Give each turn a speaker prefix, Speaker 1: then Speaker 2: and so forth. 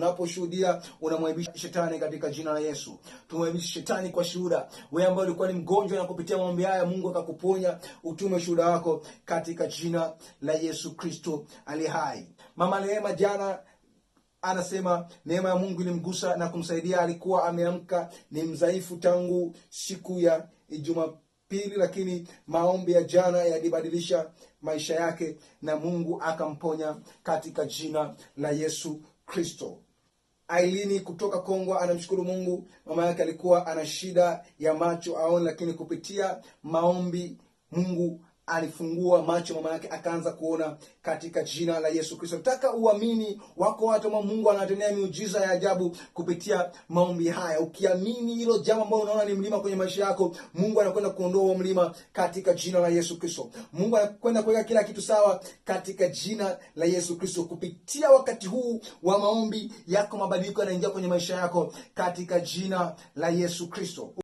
Speaker 1: unaposhuhudia unamwaibisha shetani katika jina la Yesu. Tumwaibisha shetani kwa shuhuda. Wewe ambaye ulikuwa ni mgonjwa na kupitia maombi haya Mungu akakuponya, utume shuhuda wako katika jina la Yesu Kristo ali hai. Mama Neema jana anasema neema ya Mungu ilimgusa na kumsaidia. Alikuwa ameamka ni mdhaifu tangu siku ya Jumapili, lakini maombi ya jana yalibadilisha maisha yake na Mungu akamponya katika jina la Yesu Kristo. Ailini kutoka Kongwa anamshukuru Mungu. Mama yake alikuwa ana shida ya macho aone, lakini kupitia maombi Mungu alifungua macho, mama yake akaanza kuona katika jina la Yesu Kristo. Nataka uamini, wako watu ama Mungu anatendea miujiza ya ajabu kupitia maombi haya. Ukiamini hilo jambo ambalo unaona ni mlima kwenye maisha yako, Mungu anakwenda kuondoa huo mlima katika jina la Yesu Kristo. Mungu anakwenda kuweka kila kitu sawa katika jina la Yesu Kristo. Kupitia wakati huu wa maombi yako, mabadiliko yanaingia kwenye maisha yako katika jina la Yesu Kristo.